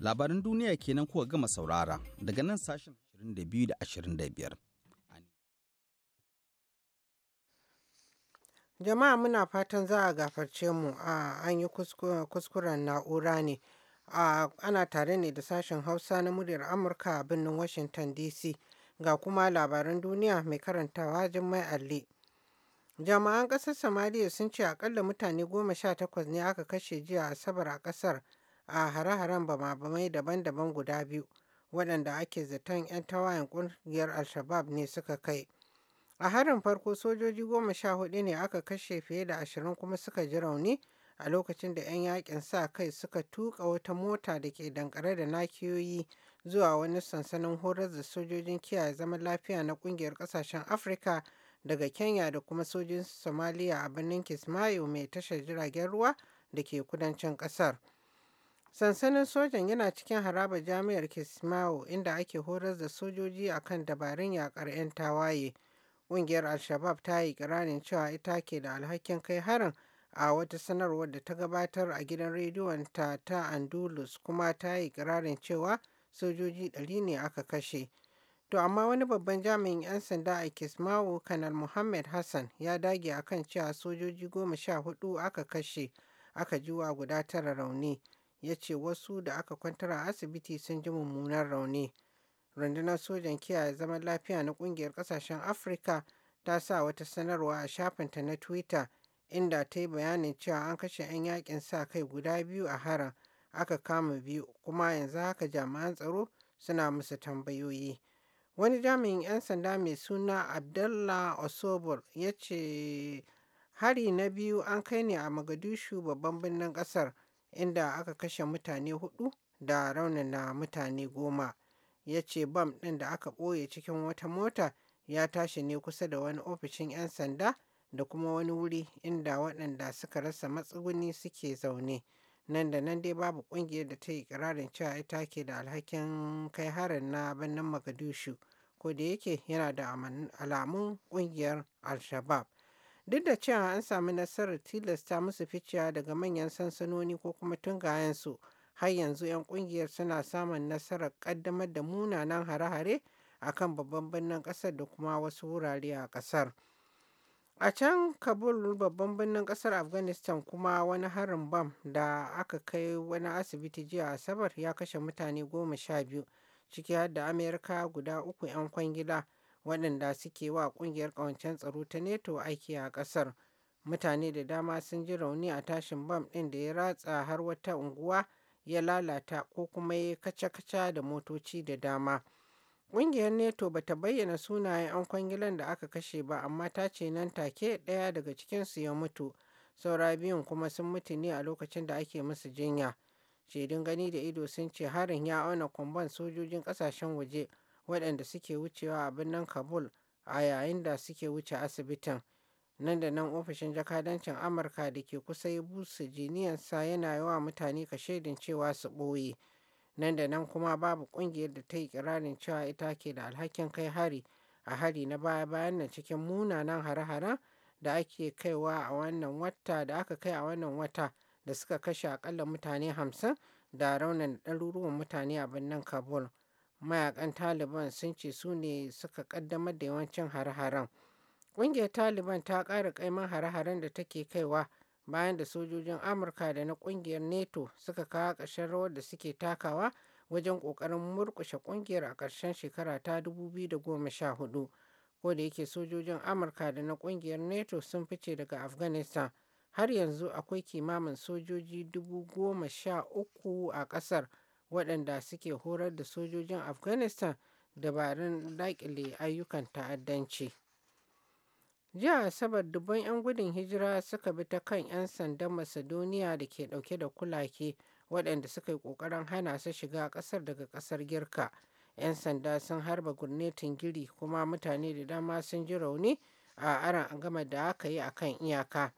Labaran duniya kenan kuka gama saurara daga nan sashen 22 da 25. Jama'a muna fatan za a gafarce mu a an yi kuskuren na'ura ne. ana tare ne da sashen Hausa na muryar Amurka a birnin Washington DC. ga kuma labaran duniya mai karantawa Jummai Alli. Jama'an ƙasar Somaliya sun ce akalla mutane goma sha takwas ne aka kashe jiya Asabar a ƙasar a hare-haren bama-bamai daban-daban guda biyu waɗanda ake zaton 'yan tawayen ƙungiyar al ne suka kai. A harin farko sojoji goma sha hudu ne aka kashe fiye da ashirin kuma suka ji rauni a lokacin da 'yan yakin sa kai suka tuka wata mota da ke dankare da nakiyoyi zuwa wani sansanin horar da sojojin kiyaye zaman lafiya na kungiyar kasashen afirka daga kenya da kuma sojin somaliya a birnin kismayo mai tashar jiragen ruwa da ke kudancin kasar sansanin sojan yana cikin haraba jami'ar kismayo inda ake horar da sojoji a kan dabarun yakar 'yan tawaye ƙungiyar al-shabab ta yi ƙirarin cewa ita ke da alhakin kai harin a wata sanarwar da ta gabatar a gidan rediyon ta ta andulus kuma ta yi ƙirarin cewa sojoji ɗari ne aka kashe to amma wani babban jami'in 'yan sanda a kismawo kanal muhammad hassan ya dage a kan cewa sojoji goma sha hudu aka kashe aka jiwa guda tara rauni ya ce wasu da aka kwantar a asibiti sun ji mummunan rauni rundunar sojan kiyaye zaman lafiya na kungiyar kasashen afirka ta sa wata sanarwa a shafinta na twitter inda ta yi bayanin cewa an kashe 'yan yakin sa kai guda biyu a harin aka kama biyu kuma yanzu haka jami'an tsaro suna musu tambayoyi. Wani jami'in 'yan sanda mai suna abdullah Osobor ya ce hari na biyu an kai ne a Magadishu babban birnin kasar inda aka kashe mutane hudu da raunana mutane goma. Ya ce bam ɗin da aka ɓoye cikin wata mota ya tashi ne kusa da wani ofishin 'yan sanda da kuma wani wuri inda waɗanda suka rasa matsuguni suke zaune nan da nan dai babu ƙungiyar da ta yi ƙirarin cewa ita ke da alhakin kai harin na birnin magadishu ko da yake yana da alamun ƙungiyar al duk da cewa an sami nasarar tilasta musu ficiya daga manyan sansanoni ko kuma tungayensu har yanzu 'yan ƙungiyar suna samun nasarar ƙaddamar da munanan hare-hare a kan babban birnin ƙasar da kuma wasu wurare a ƙasar. A can Kabul babban birnin kasar Afghanistan kuma wani harin bam da aka kai wani asibiti jiya Asabar ya kashe mutane goma sha biyu ciki har da Amerika guda uku 'yan kwangila waɗanda suke wa kungiyar ƙawancen tsaro ta neto aiki a ƙasar. Mutane da dama sun ji rauni a tashin bam ɗin da ya ratsa har wata unguwa ya lalata ko kuma ya kaca-kaca da motoci da dama. Ƙungiyar NATO ba ta bayyana sunayen 'yan kwangilar da aka kashe ba, amma ta ce nan take ɗaya daga cikinsu ya mutu, saura biyun kuma sun mutu ne a lokacin da ake musu jinya. Shaidun gani da ido sun ce harin ya auna kwamban sojojin ƙasashen waje waɗanda suke wucewa a birnin Kabul a yayin da suke wuce asibitin. Nan da nan ofishin jakadancin Amurka da ke kusa ya busa jiniyarsa yana yawa mutane kashedin cewa su ɓoye. nan da nan kuma babu ƙungiyar da ta yi kirarin cewa ita ke da alhakin kai hari a hari na baya-bayan nan cikin munanan hare-haren da ake kaiwa a wannan wata da aka kai a wannan wata da suka kashe akalla mutane hamsin da raunin ɗaruruwan mutane a birnin kabul mayakan taliban sun ce su ne suka kaddamar da yawancin hare-haren ƙungiyar taliban ta ƙara kaiman hare-haren da take kaiwa bayan da sojojin amurka da na kungiyar nato suka kawo ƙarshen rawar da suke takawa wajen ƙoƙarin murƙushe kungiyar a ƙarshen shekara ta 2014 ko da yake sojojin amurka da na kungiyar nato sun fice daga afghanistan har yanzu akwai kimamin sojoji dubu a ƙasar waɗanda suke horar da sojojin afghanistan dabarun daƙile ayyukan ta'addanci. Jiya Asabar dubban 'yan gudun hijira suka bi ta kan 'yan sandan Macedonia da ke dauke da kulake waɗanda suka yi ƙoƙarin hana su shiga ƙasar daga ƙasar Girka. 'Yan sanda sun harba gurnetin giri kuma mutane da dama sun ji rauni a aron gama da aka yi a kan iyaka.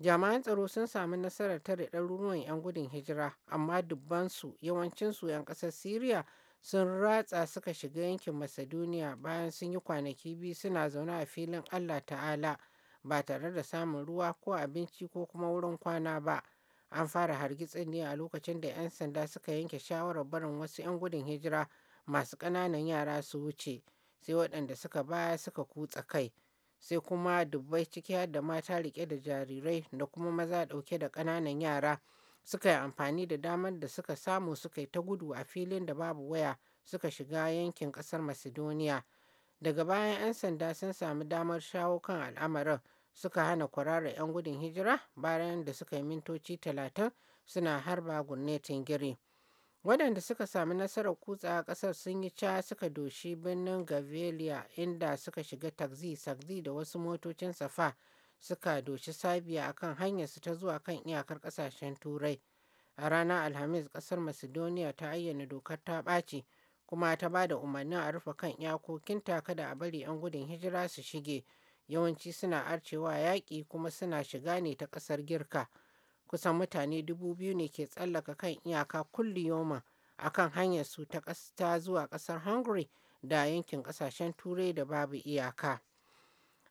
Jami'an tsaro sun sami nasarar tare ɗaruruwan 'yan gudun hijira amma dubbansu yawancinsu 'yan ƙasar Siriya sun ratsa suka shiga yankin Macedonia bayan sun yi kwanaki biyu suna zaune a filin Allah ta'ala ba tare da samun ruwa ko abinci ko kuma wurin kwana ba. An fara hargitsin ne a lokacin da 'yan sanda suka yanke shawarar barin wasu 'yan gudun hijira masu ƙananan yara su wuce sai waɗanda suka baya suka kutsa kai sai kuma dubbai ciki har da mata riƙe da jarirai da kuma maza ɗauke da ƙananan yara suka yi amfani da damar da suka samu suka yi ta gudu a filin da babu waya suka shiga yankin ƙasar macedonia daga bayan 'yan sanda sun sami damar shawo kan al'amarin suka hana kwarara 'yan gudun hijira bayan da suka yi mintoci talatin suna harba gurnetin giri waɗanda suka sami nasarar kutsa a ƙasar sun yi ca suka doshi birnin gavelia inda suka shiga taxi taxi da wasu motocin safa suka doshi Sabiya akan hanyarsu ta zuwa kan iyakar ƙasashen Turai. A ranar Alhamis, ƙasar Macedonia ta ayyana dokar ta ɓaci kuma ta ba da umarnin a rufe kan iyakokinta kada a bari 'yan gudun hijira su shige, yawanci suna arcewa yaƙi kuma suna shiga ne ta ƙasar Girka. Kusan mutane dubu biyu ne ke tsallaka kan iyaka kulliyoma a kan hanyarsu ta zuwa ƙasar Hungary da yankin ƙasashen Turai da babu iyaka.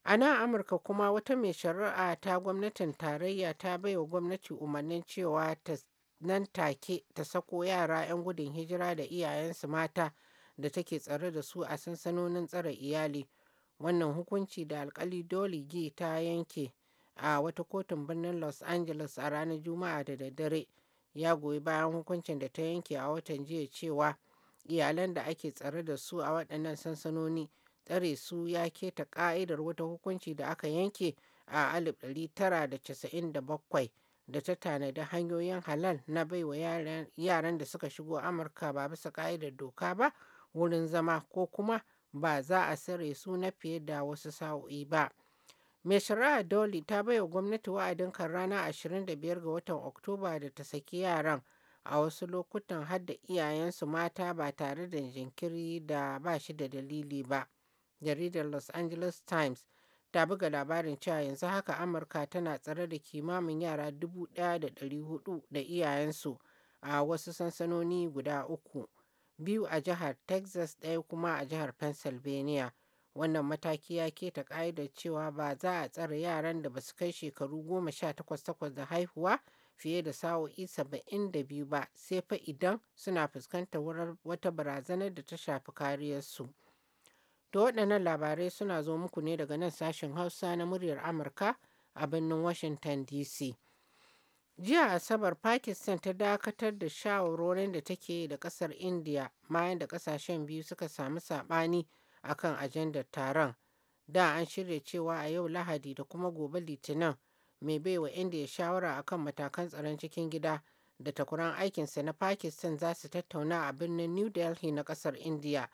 A nan Amurka kuma wata mai shari'a ta gwamnatin tarayya ta baiwa gwamnati umarnin cewa nan take ta sako yara 'yan gudun hijira da iyayensu mata da take tsare da su a sansanonin tsare iyali. Wannan hukunci da alkali Dolly G ta yanke a wata kotun birnin Los Angeles a ranar Juma'a da daddare ya goyi bayan hukuncin da ta yanke a watan jiya cewa iyalan da ake tsare da su a waɗannan sansanoni tsare su ya keta ka'idar wata hukunci da aka yanke a 1997 da ta tanadi hanyoyin halal na baiwa yaran da suka shigo amurka ba bisa ka'idar doka ba wurin zama ko kuma ba za a sare su na fiye da wasu sa'o'i ba mai shari'a doli ta baiwa gwamnati wa'adin kan rana 25 ga watan oktoba da ta saki yaran a wasu lokutan har da iyayensu mata ba tare da jinkiri da ba shi da dalili ba. jaridar Los Angeles Times ta buga labarin cewa yanzu haka Amurka tana tsare da kimamin yara 1,400 da iyayensu a wasu sansanoni guda uku, biyu a jihar Texas ɗaya kuma a jihar Pennsylvania. Wannan mataki ya keta ƙa'idar cewa ba za a tsare yaran da ba su kai shekaru goma sha takwas takwas da haihuwa fiye da sa'o'i saba'in da biyu ba sai fa idan suna fuskantar wata barazanar da ta shafi kariyarsu. To waɗannan labarai suna zo muku ne daga nan sashen Hausa na muryar Amurka a birnin Washington DC. Jiya Asabar Pakistan ta dakatar da shawarorin da take da ƙasar India bayan da ƙasashen biyu suka samu saɓani kan ajandar taron. Da an shirya cewa a yau Lahadi da kuma gobe Litinin mai baiwa India shawara akan matakan tsaron cikin gida da takuran aikinsa na Pakistan za su tattauna a birnin New Delhi na ƙasar India.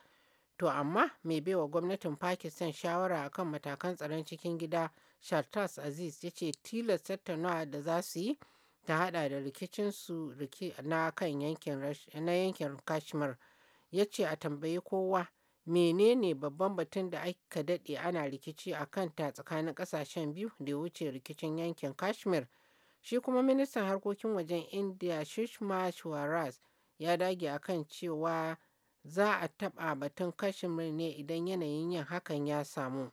To amma mai baiwa gwamnatin Pakistan shawara akan matakan tsaron cikin gida Shartas Aziz ya ce tilas tattaunawa da za su yi ta hada da rikicinsu na kan yankin Kashmir. Ya ce a tambayi kowa menene babban batun da aka dade ana rikici a kanta tsakanin kasashen biyu da ya wuce rikicin yankin Kashmir. Shi kuma ministan harkokin wajen India Shishma Swaraj ya dage akan cewa za a taɓa batun Kashmir ne idan yanayin yin hakan ya samu,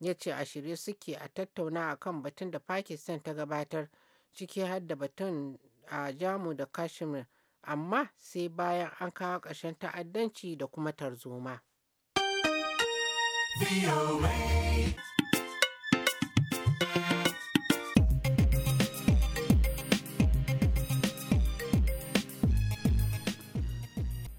ya ce a shirye suke a tattauna a kan batun da Pakistan ta gabatar ciki har da batun a jamu da Kashmir, amma sai bayan an kawo ƙarshen ta'addanci da kuma tarzoma.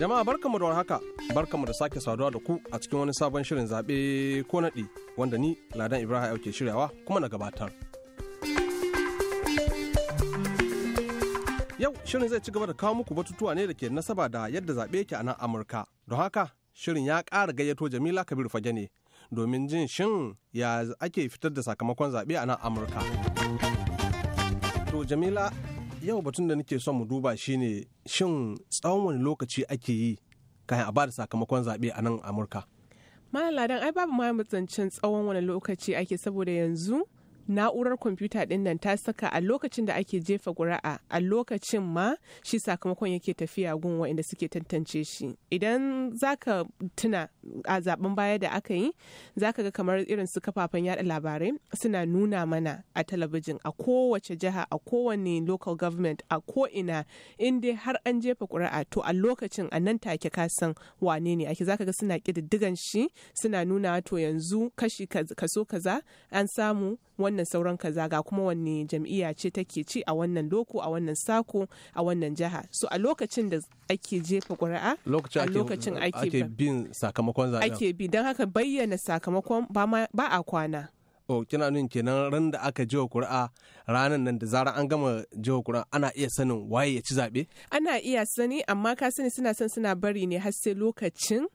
Jama'a barkamu da warhaka, barkamu da sake saduwa da ku a cikin wani sabon shirin zaɓe ko naɗi wanda ni Ladan Ibrahim ke shiryawa kuma na gabatar. Yau shirin zai ci gaba da kawo muku batutuwa ne da ke nasaba da yadda zaɓe yake a nan Amurka. Don haka shirin ya kara gayyato Jamila Kabir Fage ne domin jin shin ya ake fitar da sakamakon zaɓe a nan Amurka. To Jamila yau batun da nake son mu duba shine shin tsawon wani lokaci ake yi kayan a bada sakamakon zaɓe a nan Amurka. Malam Ladan ai babu ma tsawon wani lokaci ake saboda yanzu na'urar kwamfuta din nan ta saka a lokacin da ake jefa ƙuri'a a lokacin ma shi sakamakon yake tafiya gun waɗanda suke tantance shi idan zaka tuna a zaben baya da aka yi zaka ga kamar irin su kafafen yada labarai suna nuna mana a talabijin a kowace jiha a kowane local government a ko ina in dai har an jefa ƙuri'a to a lokacin a nan take ka san wane ne ake zaka ga suna ƙididdigan shi suna nuna to yanzu kashi kaso kaza an samu wannan sauran kaza ga kuma wanne jam'iyya ce take ci a wannan loko a wannan sako a wannan jiha so a lokacin da ake jefa ƙuri'a a lokacin ake bin sakamakon zaɓen ake bi don haka bayyana sakamakon ba a kwana o kina nun kenan ran da aka jiwa ƙuri'a ranar nan da zarar an gama jiwa ƙuri'a ana iya sanin waye ya ci zaɓe? ana iya sani amma ka sani suna son suna bari ne har sai lokacin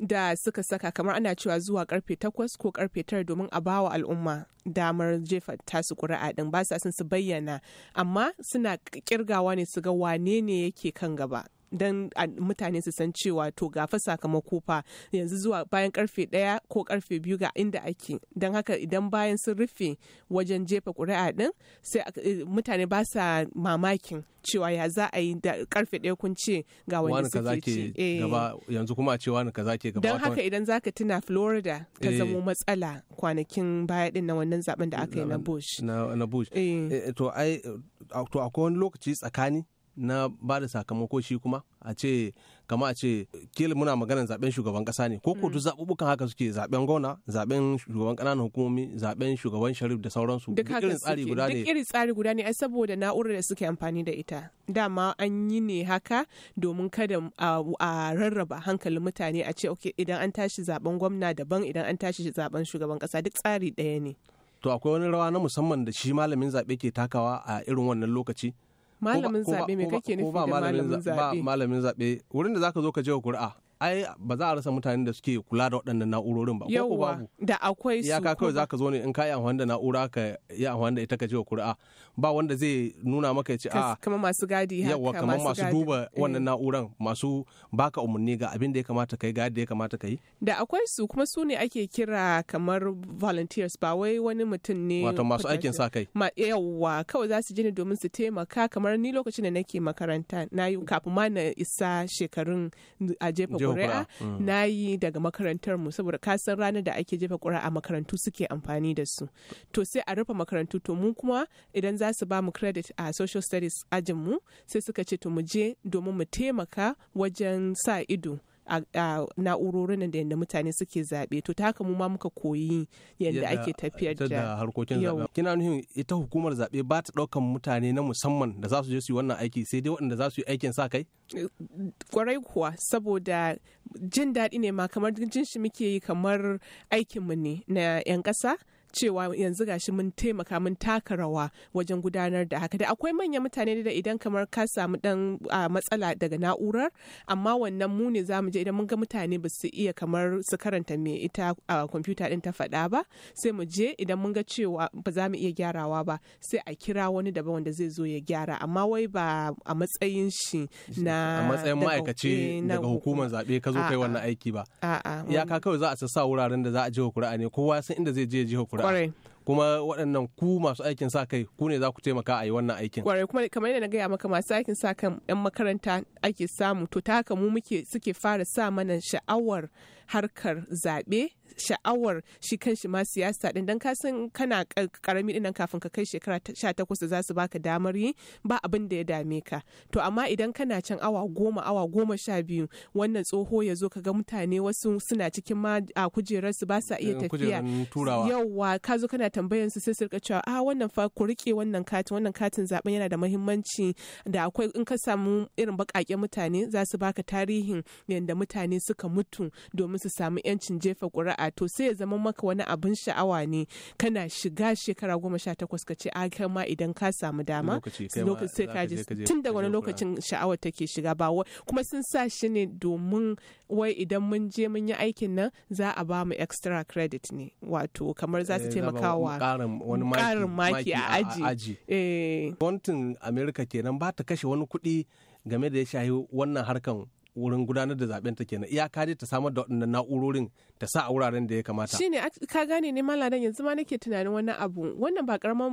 da suka saka kamar ana cewa zuwa karfe takwas ko karfe tara domin a bawa al'umma damar jefa tasu ƙuri'a din ba sa son su bayyana amma suna kirgawa ne su ga wane ne yake kan gaba don mutane su san cewa to gafa sakamako fa yanzu zuwa bayan karfe ɗaya ko karfe biyu ga inda ake don haka idan bayan sun rufe wajen jefa ƙuri'a din, sai eh, mutane ba sa mamakin cewa ya za a yi da karfe ɗaya kun ce ga wani suke ce eh. yanzu kuma a ce wani kaza ke gaba don haka idan za ka tuna florida ta eh. zamo matsala kwanakin baya din na wannan zaben da aka yi na bush na bush to akwai wani lokaci tsakani na ba da sakamako shi kuma a ce kama a ce kila muna maganar zaben shugaban kasa ne ko kudu mm. zaɓuɓɓukan haka suke zaben gona zaben shugaban ƙananan hukumomi zaben shugaban sharif da sauransu duk irin tsari guda ne duk irin tsari guda ne ai saboda na'urar da suke amfani da ita dama an yi ne haka domin kada a rarraba hankalin mutane a ce ok idan an tashi zaben gwamna daban idan an tashi zaben shugaban kasa duk tsari ɗaya ne to akwai wani rawa na musamman da shi malamin zaɓe ke takawa a irin wannan lokaci malamin zaɓe mai kake nufi da malamin zaɓe malamin zaɓe wurin da zaka zo ka je wa ai ba za a rasa mutanen da suke kula da waɗannan na'urorin ba ko babu da akwai su ka kawai zaka zo ne in ka yi amfani da na'ura ka yi amfani da ita ka wa kuri'a ba wanda zai nuna maka ya ce a ah, kamar masu gadi yawa kamar masu duba eh. wannan na'uran masu baka umarni ga abin da ya kamata kai ga da ya kamata kai da akwai su kuma su ne ake kira kamar volunteers ba wai wani mutum ne wato masu aikin sa kai ma yawa kawai za su je ne domin su taimaka kamar ni lokacin da nake makaranta na yi kafin ma na isa shekarun a jefa ƙuri'a mm. na yi daga makarantar mu saboda kasan ranar da ake jefa ƙuri'a makarantu suke amfani da su to sai a rufe makarantu to mu kuma idan za su ba mu credit a social studies ajin mu sai suka ce to mu je domin mu taimaka wajen sa ido a na'urorin da yadda mutane suke zaɓe to ta haka mu ma muka koyi yadda ake tafiyar da harkokin zaɓe kina nuhin ita hukumar zaɓe ba ta ɗaukan mutane na musamman da za su je su yi wannan aiki sai dai waɗanda za su yi aikin sa kai kwarai kuwa saboda jin daɗi ne ma kamar jin shi muke yi kamar aikinmu ne na 'yan ƙasa cewa yanzu gashi mun taimaka mun taka rawa wajen gudanar da haka da akwai manyan mutane da idan kamar ka samu dan matsala daga na'urar amma wannan mu ne zamu je idan mun ga mutane ba su iya kamar su karanta me ita a kwamfuta din ta faɗa ba sai mu je idan mun ga cewa ba za mu iya gyarawa ba sai a kira wani daban wanda zai zo ya gyara amma wai ba a matsayin shi na a matsayin ma'aikaci eh, daga hukumar zaɓe ka zo kai wannan aiki ba iyaka kawai za a sassa wuraren da za a je wa ne kowa san inda zai je ya je wa ƙuri'a kuma waɗannan ku masu aikin sa kai ku ne za ku taimaka a yi wannan aikin kwarai kuma kamar yadda na gaya maka masu aikin sa kan yan makaranta ake samu to ta haka mu muke suke fara sa mana sha'awar harkar zaɓe sha'awar shi kan shi ma siyasa din dan ka san kana karami dinan kafin ka kai shekara 18 da za su baka damar yi ba abin da ya dame ka to amma idan kana can awa goma awa goma sha biyu wannan tsoho ya zo ka ga mutane wasu suna cikin ma a kujerar su ba sa iya eh, tafiya yauwa ka zo kana tambayar su sai su rika cewa a ah, wannan fa ku rike wannan katin wannan katin zaben yana da muhimmanci da akwai in ka samu irin bakake mutane za su baka tarihin yadda mutane suka mutu domin su samu yancin jefa ƙuri'a shari'a to sai ya zama maka wani abin sha'awa ne kana shiga shekara goma sha takwas ka ce a kai ma idan ka samu dama sai ka ji tun da wani lokacin sha'awa take shiga ba kuma sun sa shi ne domin wai idan mun je mun yi aikin nan za a ba mu extra credit ne wato kamar za su taimaka wa karin maki a aji. Eh. Gwamnatin Amerika kenan ba ta kashe wani kuɗi game da ya shahi wannan harkan wurin gudanar da zaben ta kenan iyaka dai ta samar da waɗannan na'urorin ta sa a wuraren da ya kamata shine ka gane ne maladan yanzu ma nake tunanin wani abu wannan ba karaman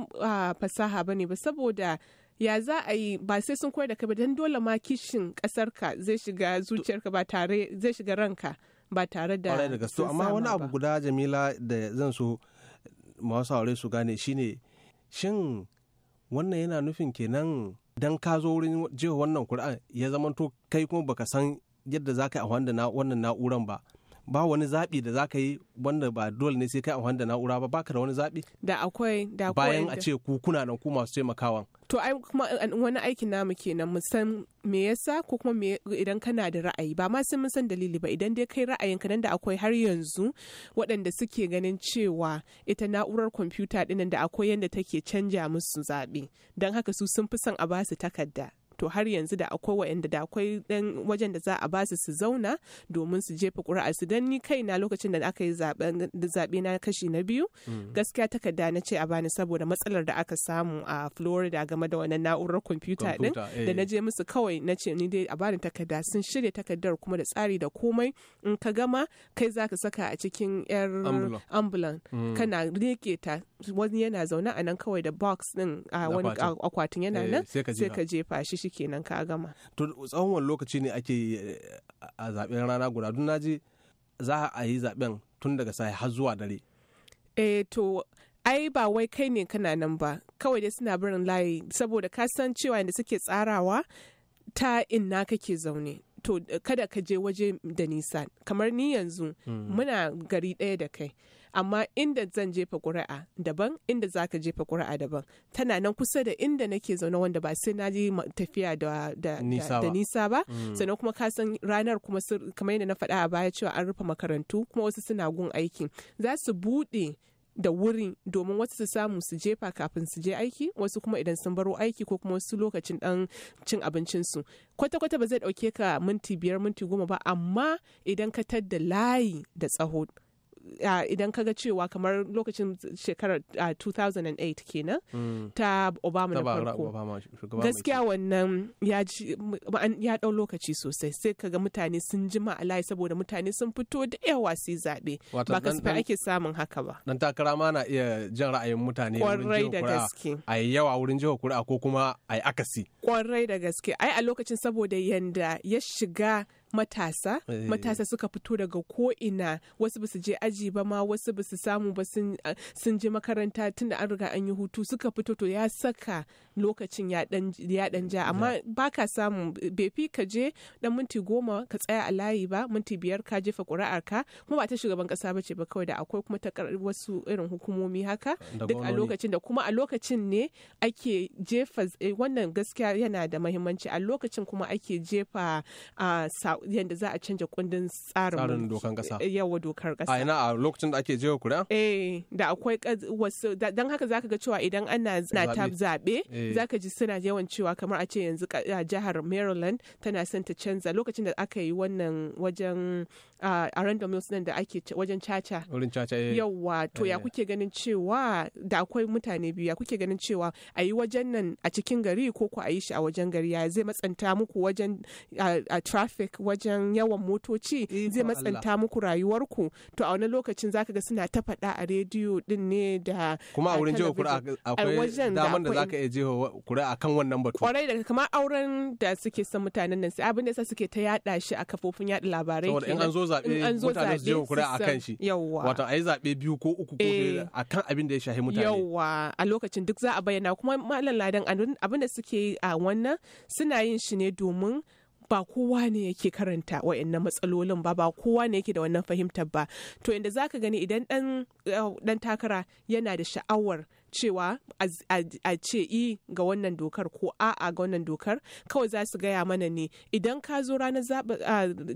fasaha bane ba saboda ya za a yi ba sai sun koyar da ka ba don dole ma kishin kasarka zai shiga zuciyarka ba tare zai shiga ranka ba tare da ba da gaske amma wani abu guda jamila da zan so masu aure su gane shine shin wannan yana nufin kenan dan ka zo wurin jiha wannan kur'an ya zamanto kai kuma baka san yadda za ka yi a wannan na'uran ba ba wani zaɓi da za ka yi wanda ba dole ne sai kai amfani da na'ura ba baka da wani zaɓi da akwai da bayan a ce ku kuna nan ku masu taimakawa to ai kuma wani aikin namu kenan mu san me yasa ko kuma idan kana da ra'ayi ba ma sai mun san dalili ba idan dai kai ra'ayinka nan da akwai har yanzu waɗanda suke ganin cewa ita na'urar kwamfuta ɗinnan da akwai yadda take canja musu zaɓe don haka su sun fi son a basu takarda to har yanzu da akwai wa'anda da akwai dan wajen da za a basu su zauna domin su jefa kuri'a su dan ni na lokacin da aka yi zaɓe na kashi na biyu mm. gaskiya takarda na ce a bani saboda matsalar da aka samu a Florida game da wannan na'urar kwamfuta din eh. da na je musu kawai na ce ni dai a bani takarda sun shirya takardar kuma da tsari da komai in ka gama kai zaka saka a cikin yar ambulan mm. kana rike ta wani yana zaune a nan kawai da box din a wani akwatin yana eh, nan sai ka jefa shi shi kenan ka gama to tsawon wani lokaci ne ake eh, a zaben rana guda dun naji za a yi zaben tun daga sai har zuwa dare eh to ai ba wai kai ne kana nan ba kawai dai suna barin layi saboda ka san cewa inda suke tsarawa ta inna kake zaune to kada ka je waje da nisa kamar ni yanzu hmm. muna gari ɗaya da kai amma inda zan jefa ƙuri'a daban inda za ka jefa ƙuri'a daban tana nan kusa da inda nake zaune wanda ba sai na ji tafiya da, nisa ba hmm. sannan kuma ka san ranar kuma kamar yadda na faɗa a baya cewa an rufe makarantu kuma wasu suna gun aiki za su buɗe da wuri domin wasu su samu su jefa kafin su je aiki wasu kuma idan sun baro aiki ko kuma wasu lokacin dan cin abincinsu kwata-kwata ba zai dauke ka minti biyar minti goma ba amma idan ka tadda layi da tsaho Uh, idan kaga cewa kamar lokacin shekarar 2008 uh, kenan mm. ta obama na farko gaskiya wannan ya dau lokaci sosai sai kaga mutane sun ji ma'alai saboda mutane sun fito da yawa su zaɓe ba kasafai ake samun haka ba dan takara ma na iya jan ra'ayin mutane kwarai da gaske a yawa wurin jiwa kura ko kuma a yi akasi kwarai da gaske ai a lokacin saboda yanda ya shiga matasa eh. matasa suka fito daga ko ina wasu basu je aji ba ma wasu basu samu ba eh, sun je makaranta tunda an riga an yi hutu suka fito to ya saka lokacin ya dan ja amma baka samu bai ka je dan minti goma ka tsaya a layi ba minti biyar ka jefa ƙuri'ar ka kuma ba ta shugaban kasa ce ba kawai da akwai kuma ta wasu irin hukumomi haka duk a lokacin da kuma a lokacin ne ake jefa eh, wannan gaskiya yana da muhimmanci a lokacin kuma ake jefa ah, yadda za a canja kundin tsarin tsarin dokan kasa yawa dokar kasa a ina a lokacin da ake jewa kuri'a eh da akwai wasu dan haka zaka ga cewa idan ana na ta zabe zaka eh. ji suna yawan cewa kamar a ce yanzu jihar Maryland tana son ta canza lokacin da aka yi wannan wajen a random mills da ake wajen caca wurin caca eh. yawa to ya eh. kuke ganin cewa da akwai mutane biyu ya kuke ganin cewa a yi wajen nan a cikin gari ko ku a yi shi a wajen gari ya zai matsanta muku wajen a traffic wajen yawan motoci zai matsanta muku rayuwarku to a wani lokacin zaka ga suna ta faɗa a rediyo din ne da kuma a wurin jiho kura akwai daman da zaka iya jiho kura akan wannan batu kwarai da kamar auren da suke son mutanen nan sai abin da suke ta yada shi a kafofin yada labarai in an zo zabe mutane su jiho kura akan shi wato ayi zabe biyu ko uku ko akan eh. abin da ya shahi mutane yawa a lokacin duk za a bayyana kuma malam ladan abin da suke a wannan suna yin shi ne domin ba kowa ne yake karanta wa'annan matsalolin ba ba kowa ne yake da wannan fahimtar ba to inda za ka gani idan dan eh, takara yana da sha'awar cewa a ce i ga wannan dokar ko a'a ga wannan dokar kawai za su gaya mana ne idan ka zo ranar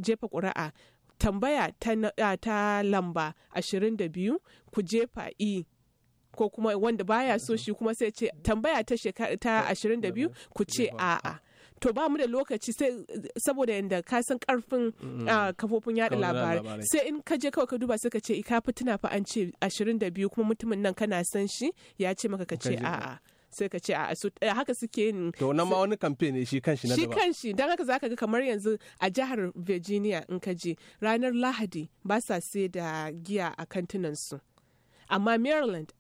jefa ƙuri'a tambaya ta lamba 22 ku jefa i ko kuma wanda baya so shi kuma sai ce tambaya ta 22 ku ce a'a to ba mu da lokaci sai saboda yanda ka san karfin ah, kafofin yada labarai sai in ka je kawai ka duba suka ce eh, ka fitina fa an ce 22 kuma mutumin nan kana san shi ya ce maka ka ce a'a sai ka ce a su eh, haka suke yin to na ma wani kamfe ne shi kanshi na daban shi kanshi dan haka zaka ga kamar yanzu a jihar Virginia in ka je ranar Lahadi ba sa sai da giya a kantinan su amma Maryland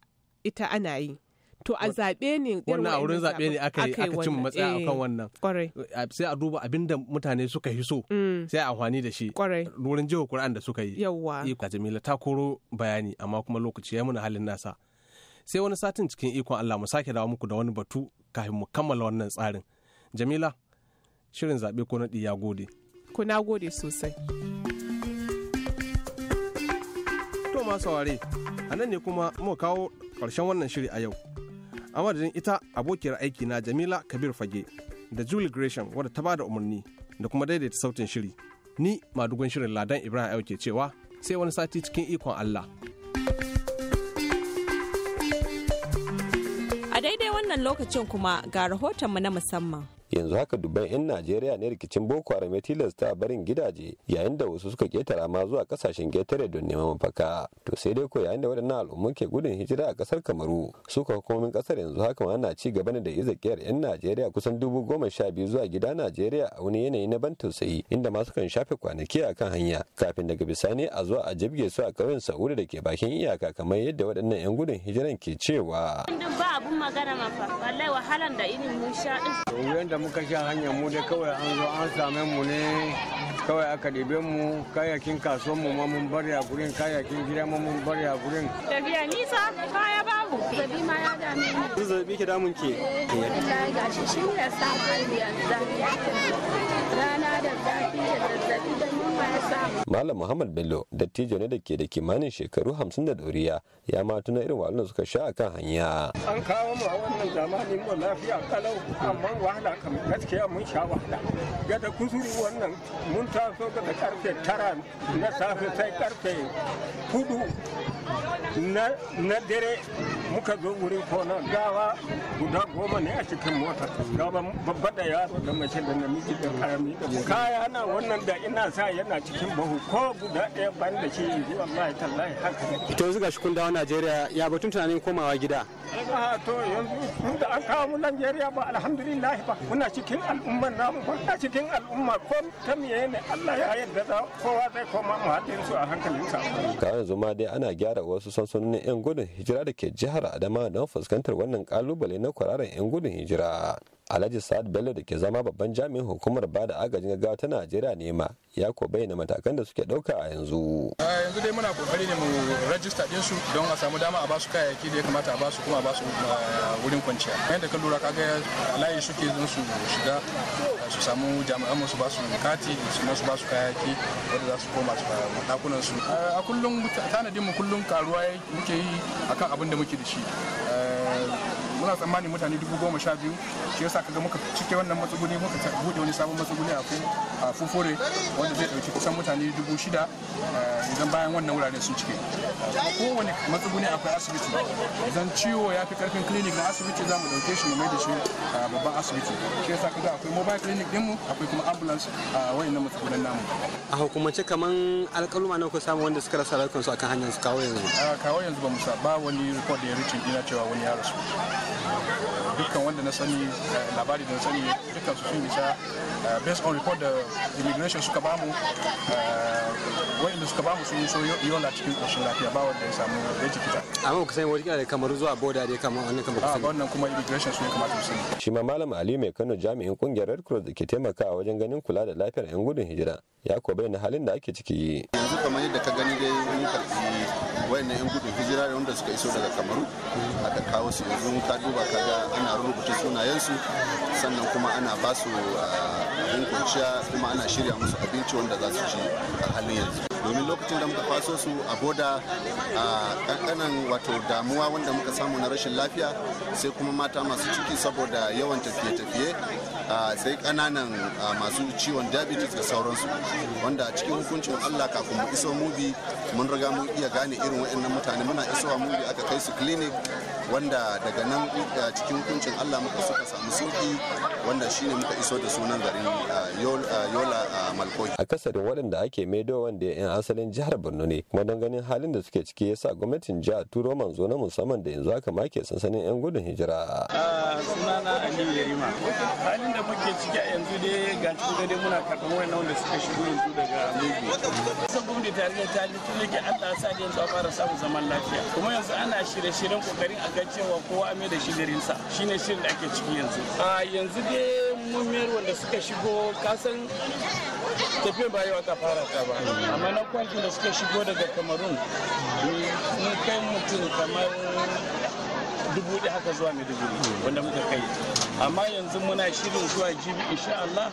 ita ana yi To a zaɓe ne. Wannan a wurin zaɓe ne aka yi cin matsaya a kan eh, wannan. Kwarai. Sai a duba abin da mutane suka yi so. Mm. Sai a amfani da shi. Kwarai. Wurin jihar Kur'an da suka yi. Yawwa. Ika Jamila ta koro bayani amma kuma lokaci ya muna halin nasa. Sai wani satin cikin ikon Allah mu sake dawo muku da wani batu kafin mu kammala wannan tsarin. Jamila, shirin zaɓe ko naɗi ya gode. Ku na gode sosai. To masu ware, a nan ne kuma mu kawo ƙarshen wannan shiri a yau. a madadin ita abokiyar aiki na jamila kabir fage da julie gresham wadda ta bada umarni da kuma daidaita sautin shiri ni madugun shirin ladan ibrahim ke cewa sai wani sati cikin ikon allah a daidai wannan lokacin kuma ga rahotonmu na musamman yanzu haka dubban 'yan najeriya ne rikicin boko haram ya tilasta barin gidaje yayin da wasu suka ketara ma zuwa kasashen ketare don neman mafaka to sai dai ko yayin da waɗannan al'ummun ke gudun hijira a kasar kamaru suka hukumomin kasar yanzu haka ma na ci gaba da izakiyar 'yan najeriya kusan dubu goma sha biyu zuwa gida najeriya a wani yanayi na ban tausayi inda ma sukan shafe kwanaki a kan hanya kafin daga bisani a zuwa a jibge su a ƙauyen sa'udu da ke bakin iyaka kamar yadda waɗannan 'yan gudun hijiran ke cewa. ba abun magana mafa wahalan da irin muka sha hanyar mu dai kawai an zo an same mu ne kawai aka ɗebe mu kayakin kasuwan mu ma mun bari a gurin kayakin gida ma mun bari a gurin. Tafiya nisa baya babu. Zabi ma ya dame ni. Zabi ki damun ke. Eh, ga shi ne sa ma zabi Rana da zafi da Malam Muhammad Bello dattijo ne da ke da kimanin shekaru hamsin da ɗoriya ya ma tuna irin wahalar suka sha kan hanya. An kawo mu a wannan zamani mu lafiya kalau amma wahala kam gaskiya mun sha wahala. Gada kusuru wannan mun taso da karfe tara na safe sai karfe hudu na dare muka zo wurin kona gawa guda goma ne a cikin mota Gaba babba da yaro da mace da namiji da karami da kaya na wannan da ina sa yana cikin bahu ko guda ɗaya ban da shi yanzu talla tallahi haka ne to yanzu shi kun dawo Najeriya ya batun tunanin komawa gida a to yanzu tun da an kawo mu Najeriya ba alhamdulillah ba muna cikin al'umman namu ba muna cikin al'umma ko ta miye ne Allah ya yarda da kowa zai koma mu haɗin su a hankalin sa ka yanzu ma dai ana gyara wasu sansanonin yan gudun hijira da ke jihar adama don fuskantar wannan kalubale na kwararren yan gudun hijira alhaji sa'ad bello da ke zama babban jami'in hukumar ba da agajin gaggawa ta najeriya ne ma ya ko bayyana matakan da suke ɗauka a yanzu yanzu dai muna kokari ne mu rajista din su don a samu dama a basu kayayyaki da ya kamata a basu kuma a basu eh, wurin kwanciya da ka lura kaga layi suke zan su shiga su samu jami'an mu su basu kati su ma su basu kayayyaki wanda za su koma su dakunan su eh, a kullum tanadin mu kullum karuwa muke yi akan abin da muke da shi eh, muna tsammanin mutane dubu goma sha biyu shi yasa kaga muka cike wannan matsuguni muka buɗe wani sabon matsuguni a fufore wanda zai ɗauki kusan mutane dubu shida eh, idan bayan wannan wurare sun cike kowane matsuguni akwai asibiti idan ciwo ya fi karfin clinic na asibiti za mu ɗauke shi mu mai da shi babban asibiti shi yasa kaga akwai mobile clinic mu akwai kuma ambulance a wayannan matsugunan namu a hukumance kaman alƙaluma na ku samu wanda suka rasa rayukansu akan hanyar su kawo yanzu kawo yanzu ba mu ba wani report da ya ricin ina cewa wani ya rasu dukkan wanda na sani eh, labari da na sani dukkan su sun isa eh, based on report da immigration suka bamu eh, wayanda suka bamu sun so yola cikin koshin lafiya ba wanda ya samu ya jikita amma ku sani wajen da kamar zuwa boda da ya kama wani kamar kusa wannan kuma immigration su ne kamata su sani shi ma malam ali mai kano jami'in kungiyar red cross da ke taimakawa wajen ganin kula da lafiyar yan gudun hijira ya ko bayyana halin da ake ciki yanzu kamar yadda ka gani dai mun karbi wayannan yan gudun hijira da wanda suka iso daga kamaru aka kawo su yanzu ka duba kaga an ana rubuta sunayensu sannan kuma ana ba su ah, abin kwanciya kuma ana shirya musu abinci wanda za su ci a halin yanzu domin lokacin da muka faso su a boda a ah, kankanan wato damuwa wanda muka samu na rashin lafiya sai kuma mata masu ciki saboda yawan tafiye-tafiye ah, sai kananan masu ciwon diabetes da sauransu wanda a cikin hukuncin allah kafin mu iso mubi mun riga mun iya gane irin waɗannan mutane muna isowa mubi aka kai su clinic wanda daga nan eh, cikin hukuncin Allah muka suka samu sauki wanda shine muka iso da sunan garin ah, yola ah, ah, malkoi kasarin waɗanda ake maido wanda yan asalin jihar borno ne kuma don ganin halin da suke ciki yasa gwamnatin jihar turo manzo na musamman da yanzu aka make sansanin yan gudun hijira sunana aliyu yarima halin da muke ciki a yanzu dai ga cikin dai muna karɓar wannan wanda suka shigo yanzu daga mugu kusan gwamnati tarayyar ta ji tun yake allah sa da yanzu a fara samun zaman lafiya kuma yanzu ana shirye-shiryen kokarin a ga cewa kowa a mai da shi garinsa shine shirin da ake ciki yanzu a yanzu dai mummiyar wanda suka shigo kasan tafiyar ba yau aka fara ta ba amma na kwanci da suka shigo daga kamarun mun kai mutum kamar dubu haka zuwa mai dubu wanda muka kai amma yanzu muna shirin zuwa jibi insha Allah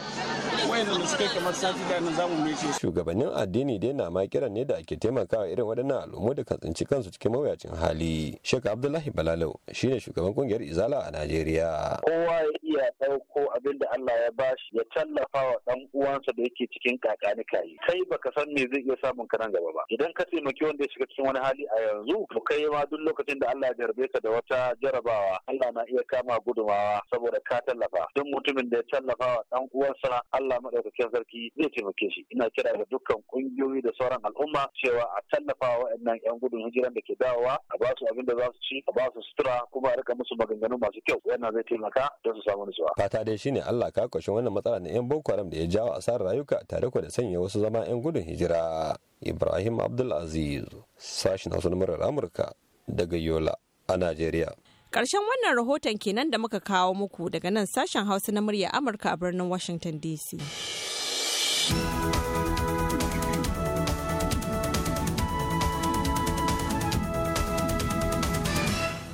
wayanda da suka kamar sati da nan zamu mai shugabannin addini dai na ma kiran ne da ake taimakawa irin waɗannan al'ummu da kan tsinci kansu cikin mawuyacin hali Sheikh Abdullahi Balalau shine shugaban kungiyar Izala a Najeriya kowa ya iya dauko abin da Allah ya bashi ya tallafa wa dan uwansa da yake cikin kakani kai kai baka san me zai iya samun ka nan gaba ba idan ka taimaki wanda ya shiga cikin wani hali a yanzu to kai ma duk lokacin da Allah ya jarbe ka da wata jarabawa Allah na iya kama gudumawa saboda da ka tallafa duk mutumin da ya tallafa wa dan uwansa Allah madaukakin sarki zai taimake shi ina kira ga dukkan kungiyoyi da sauran al'umma cewa a tallafa wa waɗannan yan gudun hijiran da ke dawowa a ba su abin da za su ci a ba su sutura kuma a rika musu maganganu masu kyau wannan zai taimaka don su samu nutsuwa fata dai shine Allah ka kwashe wannan matsala na yan boko haram da ya jawo asarar rayuka tare da sanya wasu zama yan gudun hijira Ibrahim Abdulaziz sashin Hausa na Amurka daga Yola a Najeriya Ƙarshen wannan rahoton kenan da muka kawo muku daga nan sashen Hausa na murya Amurka a birnin Washington DC.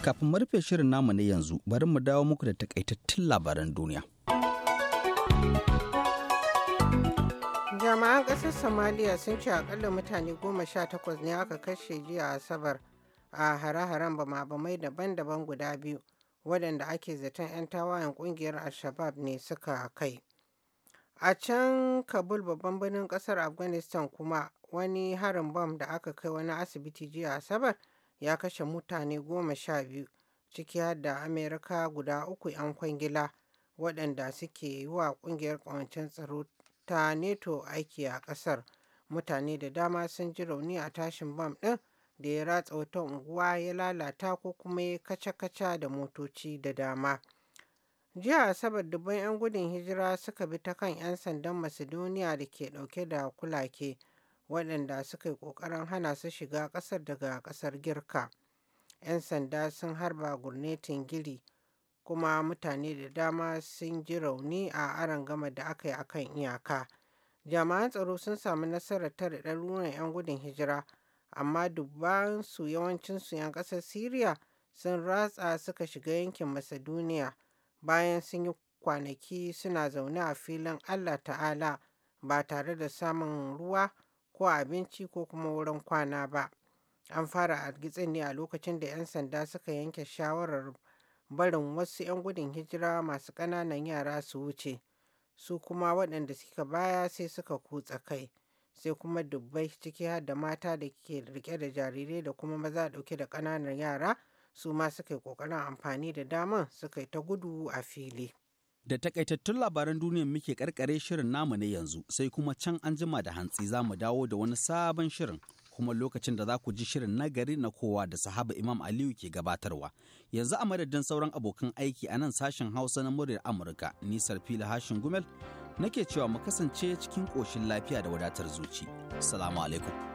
Kafin rufe shirin namu na yanzu, bari mu dawo muku da takaitattun labaran duniya. Jama'an ƙasar somaliya sun ce akalla mutane goma sha takwas ne aka kashe jiya a Asabar. a hare-haren bama-bamai daban-daban guda biyu waɗanda ake zaton 'yan tawayen ƙungiyar al-shabab ne suka kai a can kabul babban birnin ƙasar afghanistan kuma wani harin bam da aka kai wani asibiti jiya asabar ya kashe mutane goma sha biyu ciki har da amerika guda uku 'yan kwangila waɗanda suke yi wa ƙungiyar ƙawancen tsaro ta neto aiki a ƙasar mutane da dama sun ji rauni a tashin bam ɗin da ya ratsa wata unguwa ya lalata ko kuma ya kaca-kaca da motoci da dama. Jiya Asabar dubban 'yan gudun hijira suka bi ta kan 'yan sandan Macedonia da ke dauke da kulake waɗanda suka yi ƙoƙarin hana su shiga ƙasar daga ƙasar Girka. 'Yan sanda sun harba gurnetin gili kuma mutane da dama sun ji rauni a aron gama da aka yi akan iyaka. Jami'an tsaro sun samu nasarar tare ɗaruruwan 'yan gudun hijira amma dubbansu yawancinsu 'yan ƙasar Siriya sun ratsa suka shiga yankin Macedonia bayan sun yi kwanaki suna zaune a filin Allah ta'ala ba tare da samun ruwa ko abinci ko kuma wurin kwana ba. An fara argitsin ne a lokacin da 'yan sanda suka yanke shawarar barin wasu 'yan gudun hijira masu ƙananan yara su wuce, su kuma waɗanda suka baya sai suka kutsa kai. sai kuma dubbai ciki har da mata da ke rike da jarirai da kuma maza dauke da kananan yara su ma suka yi ƙoƙarin amfani da daman suka yi ta gudu a fili. Da takaitattun labaran duniya muke karkare shirin namu ne yanzu sai kuma can an jima da hantsi za mu dawo da wani sabon shirin kuma lokacin da za ku ji shirin na gari na kowa da sahaba Imam Aliyu ke gabatarwa. Yanzu a madadin sauran abokan aiki a nan sashen Hausa na muryar Amurka, nisar fili hashin gumel nake cewa mu kasance cikin ƙoshin lafiya da wadatar zuci. Salamu alaikum.